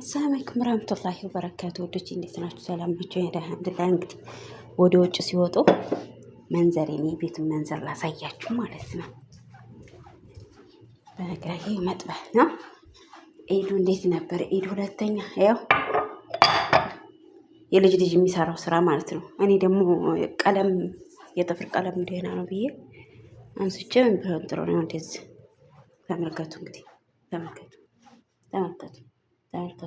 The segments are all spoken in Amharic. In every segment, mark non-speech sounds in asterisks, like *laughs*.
አሰላም አለይኩም ወራህመቱላሂ ወበረካቱ። ወዶች እንዴት ናችሁ? ሰላም ናችሁ? አልሐምዱሊላህ። እንግዲህ ወደ ውጭ ሲወጡ መንዘር የኔ ቤቱን መንዘር ላሳያችሁ ማለት ነው። በነገራዬ መጥበህ ነው። ኢዱ እንዴት ነበር? ኢዱ ሁለተኛ ያው የልጅ ልጅ የሚሰራው ስራ ማለት ነው። እኔ ደግሞ ቀለም የጥፍር ቀለም ደህና ነው ብዬ አንስቼ ምን ጥሩ ነው። እንደዚህ ተመልከቱ እንግዲህ ተመልከቱ ተመልከቱ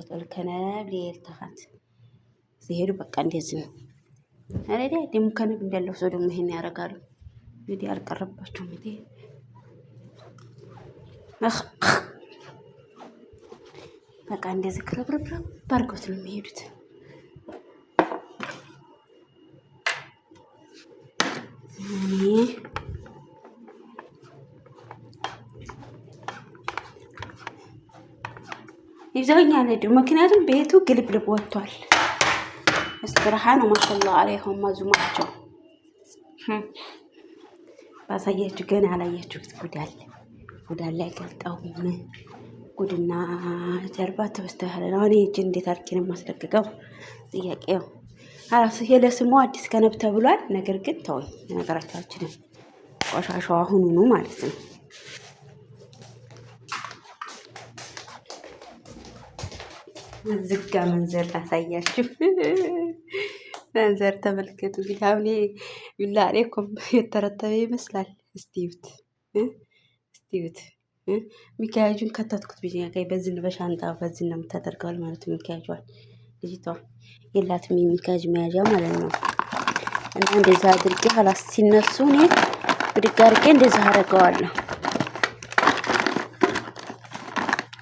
ተልከነብ ሌልተኻት ዝሄዱ በቃ እንደዚህ ነው። አሬዲ ደግሞ ከነብ እንዳለው ሰው ደግሞ ይሄን ያደርጋሉ። እንግዲህ አልቀረባቸውም እንዴ በቃ እንደዚህ ክረብረብረብ ባርገውት ነው የሚሄዱት። እኔ ይዘውኝ አልሄድም። ምክንያቱም ቤቱ ግልብልብ ወጥቷል። እስትራሃን ማሻላ አለይሁም አዙማቸው ባሳያችሁ ገና ያላያችሁት ጉዳል ጉዳል ላይ ጉድና ጀርባ ተበስተያለ ነው። እኔ እጅ እንዴት አድርጌ ነው የማስለቅቀው? ጥያቄ ነው። አራሱ ለስሙ አዲስ ከነብ ተብሏል። ነገር ግን ተወኝ ነገራችሁ አልችልም። ቆሻሻው አሁኑኑ ማለት ነው። ዝጋ መንዘር ላሳያችሁ። *laughs* መንዘር ተመልከቱ። እንግዲህ ሀብሌ ዩላ የተረተበ ይመስላል። እስቲዩት እስቲዩት ሚካያጁን ከታትኩት ብኛ ጋይ በዝን በሻንጣ በዝን ነው የምታደርገዋል ማለት ነው። ሚካያጇል ልጅቷ የላትም የሚካያጅ መያዣ ማለት ነው። እና እንደዛ አድርጌ ኋላስ ሲነሱ እኔ ብድግ አድርጌ እንደዛ አደርገዋለሁ።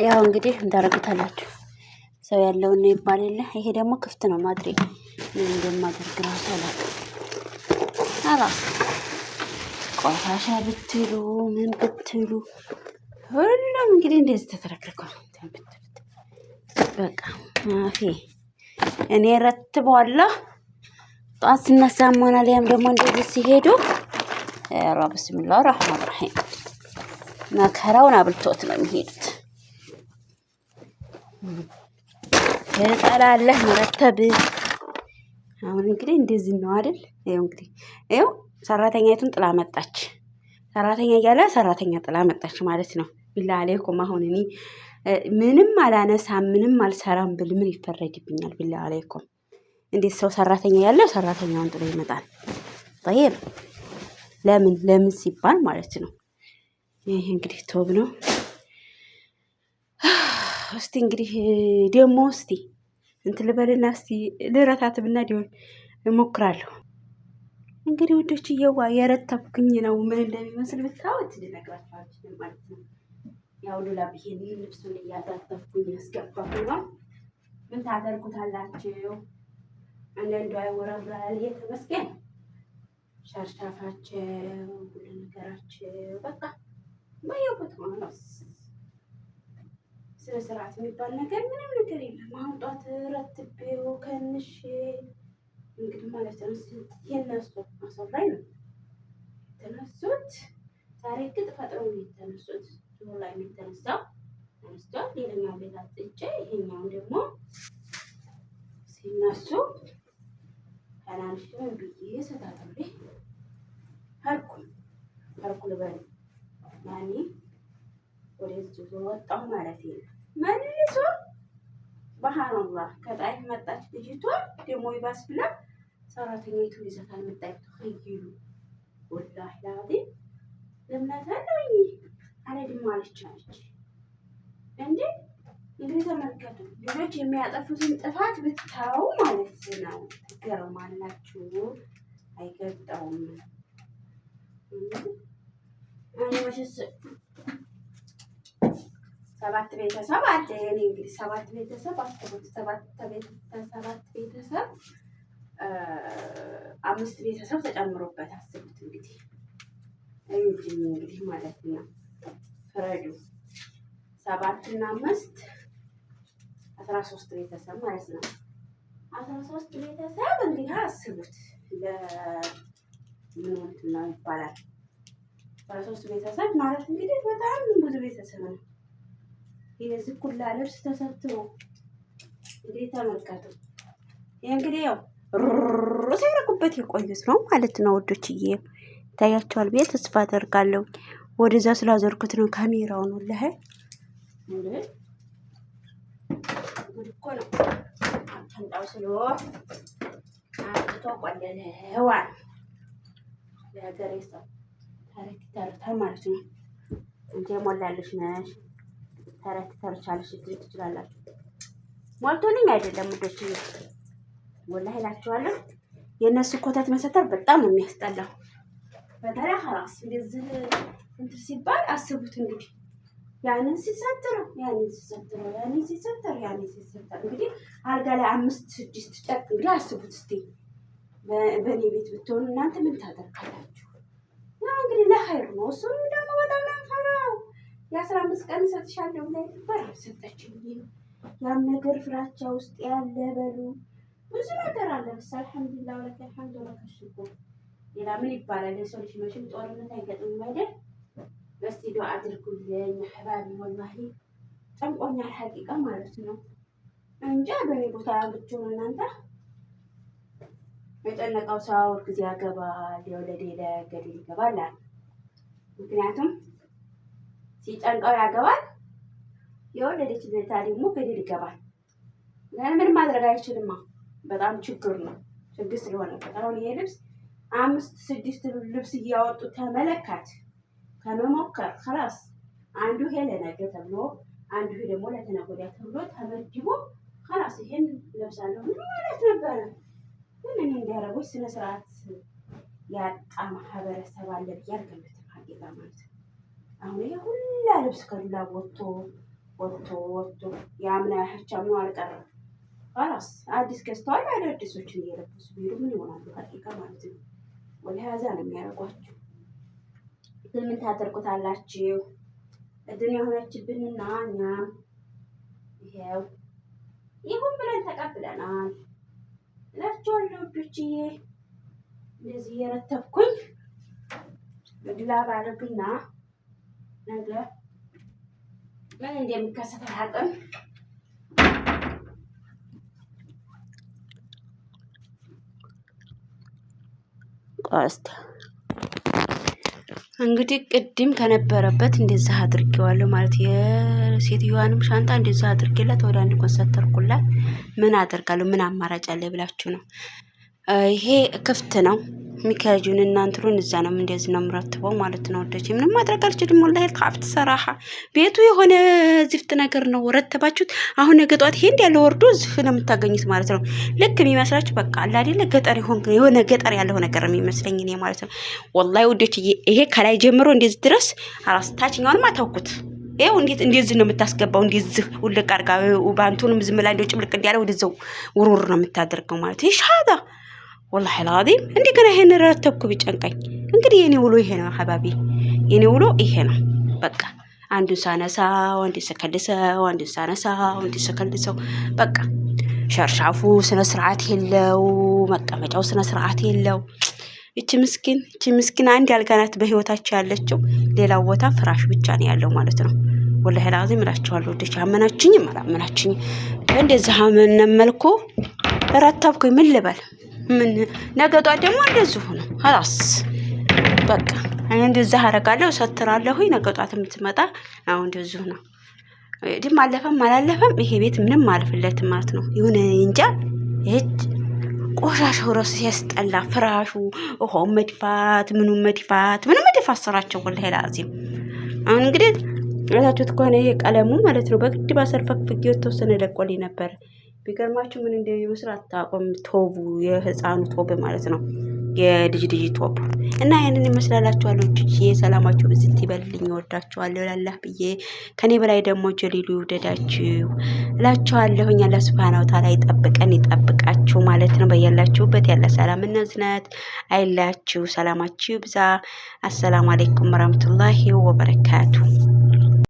ያው እንግዲህ እንዳረጉታላችሁ ሰው ያለውን ነው ይባል የለ። ይሄ ደግሞ ክፍት ነው ማድሬ ምን እንደማደርግ ራሱ አላውቅም። አላስ ቆሻሻ ብትሉ ምን ብትሉ ሁሉም እንግዲህ እንደዚህ ተተረክርከው በቃ ማፌ እኔ ረትበዋለሁ። ጠዋት ስነሳ መሆና ሊያም ደግሞ እንደዚህ ሲሄዱ ራ ብስሚላ ረህማን ራሒም መከራውን አብልቶት ነው የሚሄዱት። ትጠላለህ መረተብህ። አሁን እንግዲህ እንደዚህ ነው አይደል? ይኸው እንግዲህ ይኸው ሰራተኛይቱን ጥላ መጣች። ሰራተኛ እያለ ሰራተኛ ጥላ መጣች ማለት ነው። ቢላ አለይኩም። አሁን እኔ ምንም አላነሳም ምንም አልሰራም ብል ምን ይፈረድብኛል? ቢላ አለይኩም። እንዴት ሰው ሰራተኛ ያለው ሰራተኛውን ጥሎ ይመጣል? ጠይብ ለምን ለምን ሲባል ማለት ነው። ይህ እንግዲህ ቶብ ነው። እስቲ እንግዲህ ደግሞ እስቲ እንትን ልበልና እስቲ ልረታትብና ዲሆን እሞክራለሁ። እንግዲህ ውዶች እየዋ የረተብኩኝ ነው። ምን እንደሚመስል ብታወት ልነግራችሁ ማለት ነው። ያው ሉላ ብሄን ልብሱን እያጣጠፍኩኝ ያስገባሁ ነው። ምን ታደርጉታላችሁ? አንዳንዱ አይወረብራል። ይሄ ተመስገን ሸርሸፋቸው ሁሉ ነገራቸው በቃ ባየው ቦታ ነው ስነ ስርዓት የሚባል ነገር ምንም ነገር የለም። አሁን ጧት ረትቤው ከንሽ እንግዲህ ማለት ነው የነሱ ማሰብ ላይ ነው የተነሱት። ዛሬ ግጥ ፈጥሮ ነው የተነሱት። ዙሩ ላይ ነው የተነሳው። ተነስቷል። ሌላኛው ቤት አጥቼ ይሄኛውን ደግሞ ሲነሱ ከናንሽን ብዬ ስታጥቤ ሀልኩ ሀልኩ ልበል ማኒ ወደ ወደዚህ ወጣሁ ማለት ነው። መልሶ ባህናላህ ከጣይፍ መጣች ልጅቷ ደግሞ ይባስ ብላ ሰራተኛይቱን ይዘት አልመጣይቱ ይሉ ወላሂ ላዚ ልምነት አለኝ አለድም እንዴ እንግዲህ ተመልከቱ ልጆች የሚያጠፉትን ጥፋት ብታው ማለት ነው ገርማላችሁ አይገልጠውም እኔ መሸስ ሰባት ቤተሰብ አለ። እኔ እንግዲህ ሰባት ቤተሰብ አስቡት። ሰባት ቤተሰብ አምስት ቤተሰብ ተጨምሮበት አስቡት። እንግዲህ እንግዲህ እንግዲህ ማለት ነው ፍረዱ። ሰባት እና አምስት አስራ ሶስት ቤተሰብ ማለት ነው። አስራ ሶስት ቤተሰብ እንግዲህ አስቡት ለምንት ነው ይባላል። አስራ ሶስት ቤተሰብ ማለት እንግዲህ በጣም ብዙ ቤተሰብ ነው። የዚህ ኩላ ልብስ ተሰብስቦ እንዴት ተመልከቱ። እንግዲህ ያው የቆዩት ነው ማለት ነው ወዶችዬ፣ ይታያቸዋል ብዬ ተስፋ አደርጋለሁ። ወደዛ ስላዘርኩት ነው ካሜራውን ለህ እኮ ነው ተንጣው ስሎ ቆለለዋል። ሰው ታሪክ ማለት ነው። ሞላልሽ ነሽ ተረት ተርቻለሽ ልትሉ ትችላላችሁ። ሞልቶልኝ አይደለም ውዶች፣ ወላሂ እላችኋለሁ። የእነሱ ኮተት መሰተር በጣም ነው የሚያስጠላው። በተለይ ራስ እንደዚህ እንትን ሲባል አስቡት እንግዲህ ያንን ሲሰጥር ያንን ሲሰጥር ያንን ሲሰጥር ያንን ሲሰጥር እንግዲህ አልጋ ላይ አምስት ስድስት ጨርቅ እንግዲህ አስቡት እስቲ በእኔ ቤት ብትሆኑ እናንተ ምን ታደርጋላችሁ? እንግዲህ ለኸይር ነው እሱም ደግሞ በጣም ነው ፈራው የአስራ አምስት ቀን እሰጥሻለሁ ብላ ትባል አልሰጠችም። ያም ነገር ፍራቻ ውስጥ ያለ በሉ ብዙ ነገር አለ። ብስ አልሐምዱላ ሁለት አልሐምዱ ረከሽጎ ሌላ ምን ይባላል? የሰው ልጅ መቼም ጦርነት አይገጥምም አይደል? በስቲ ዶ አድርጉልኝ አሕባቢ ወላሂ ጨንቆኛል፣ ሀቂቃ ማለት ነው እንጂ በእኔ ቦታ ብትሆኑ እናንተ የጨነቀው ሰው ጊዜ ያገባል፣ የወለደ ላያገድ ይገባል። ምክንያቱም ሲጨንቀው ያገባል። የወለደች ቤታ ደግሞ ገደል ይገባል። ምንም ማድረግ አይችልማ። በጣም ችግር ነው። ችግር ስለሆነ ቀጠሮን ይሄ ልብስ አምስት ስድስት ልብስ እያወጡ ተመለካት ከመሞከር ከራስ አንዱ ይሄ ለነገ ተብሎ አንዱ ይሄ ደግሞ ለተነገ ወዲያ ተብሎ ተመድቦ ከራስ ይሄን ለብሳለሁ ማለት ነበረ። ምን እንዲያደርጉት ስነ ስርዓት ያጣ ማህበረሰብ አለ ብዬ አልገምትም። ሀቂቃ ማለት ነው። አሁን ይሄ ሁላ ልብስ ከዱላ ወጥቶ ወጥቶ ወጥቶ የአምና ያህች አምኖ አልቀረም። ላስ አዲስ ገዝተዋል። አዳዲሶችን እየለበሱ ቢሄዱ ምን ይሆናሉ? ሀቂቃ ማለት ነው። ወደ ሀዛ ነው የሚያደርጓቸው። ግን ምን ታደርጉታላችሁ? እድን የሆነችብንና እኛም ይሄው ይሁን ብለን ተቀብለናል እላቸዋለሁ። ውዶችዬ እንደዚህ እየረተብኩኝ ምግላ ባረግና ነገ ምን እንደሚከሰት አያውቅም። ቆስት እንግዲህ ቅድም ከነበረበት እንደዛ አድርጌዋለሁ ማለት የሴትዮዋንም ሻንጣ እንደዛ አድርጌላት ወደ አንድ ኮንሰርት ተርኩላት ምን አደርጋለሁ ምን አማራጭ አለ ብላችሁ ነው። ይሄ ክፍት ነው ሚካጁን እናንትሩን እዛ ነው እንደዚህ ነው የምረትበው ማለት ነው። ወደች ምንም ማድረግ አልችልም። ወላ ከአብት ሰራሃ ቤቱ የሆነ ዝፍት ነገር ነው ረተባችሁት። አሁን ነገ ጠዋት ይሄ እንዳለ ወርዶ እዚህ ነው የምታገኙት ማለት ነው። ልክ የሚመስላችሁ በቃ አለ አይደለ ገጠር ይሆን የሆነ ገጠር ያለው ነገር የሚመስለኝ እኔ ማለት ነው። ወላሂ ውዶች ይሄ ከላይ ጀምሮ እንደዚህ ድረስ አራስ ታችኛውንም አታውቁት ይሄው እንዴት እንደዚህ ነው የምታስገባው። እንደዚህ ውልቅ አድርጋ ባንቱንም ዝምላ እንደው ጭምልቅ እንዲያለ ወደዛው ውሩር ነው የምታደርገው ማለት ይሻዳ ወላሂ አልዓዚም እንደገና ይሄን ረተብኩ ቢጨንቀኝ። እንግዲህ የኔ ውሎ ይሄ ነው ሀባቢ፣ የኔ ውሎ ይሄ ነው በቃ። አንዱን ሳነሳው አንዱን ስከልሰው፣ አንዱን ሳነሳው አንዱን ስከልሰው፣ በቃ ሸርሻፉ ስነ ስርዓት የለው፣ መቀመጫው ስነ ስርዓት የለው። እቺ ምስኪን እቺ ምስኪን አንድ አልጋ በህይወታቸው ያለችው፣ ሌላ ቦታ ፍራሽ ብቻ ነው ያለው ማለት ነው። ወላሂ አልዓዚም እላችኋለሁ። ወደች አመናችኝም አላመናችኝም፣ እንደዚህ አመነመልኩ ረተብኩኝ። ምን ልበል ምን ነገ ጧት ደግሞ እንደዚሁ ነው። ሀላስ በቃ እኔ እንደዛ አደርጋለሁ፣ ሰትራለሁ። ነገ ጧት የምትመጣ አሁን እንደዚሁ ነው። ድም አለፈም አላለፈም ይሄ ቤት ምንም አልፍለት ማለት ነው። ይሁን እንጃ ይህች ቆሻሻው ራሱ ሲያስጠላ፣ ፍራሹ ውሃው መድፋት፣ ምኑ መድፋት፣ ምኑ መድፋት ስራቸው ወላሂ ላዚም። አሁን እንግዲህ እላችሁት ከሆነ ይሄ ቀለሙ ማለት ነው በግድ ባሰርፈክ ባሰርፈክፍጌ ተወሰነ ለቆልኝ ነበር። ቢገርማችሁ ምን እንደሚመስል አታቆም። ቶቡ የህፃኑ ቶብ ማለት ነው የልጅ ልጅ ቶብ እና ይህንን ይመስላላችኋለሁ። እጅዬ ሰላማችሁ ብዝት ይበልልኝ። እወዳችኋለሁ ላላህ ብዬ ከኔ በላይ ደግሞ ጀሊሉ ይውደዳችሁ እላችኋለሁኝ። ያለ ስብሃና ወታላ ይጠብቀን ይጠብቃችሁ ማለት ነው። በያላችሁበት ያለ ሰላም እና ዝነት አይላችሁ። ሰላማችሁ ብዛ። አሰላሙ አሌይኩም ወራህመቱላሂ ወበረካቱ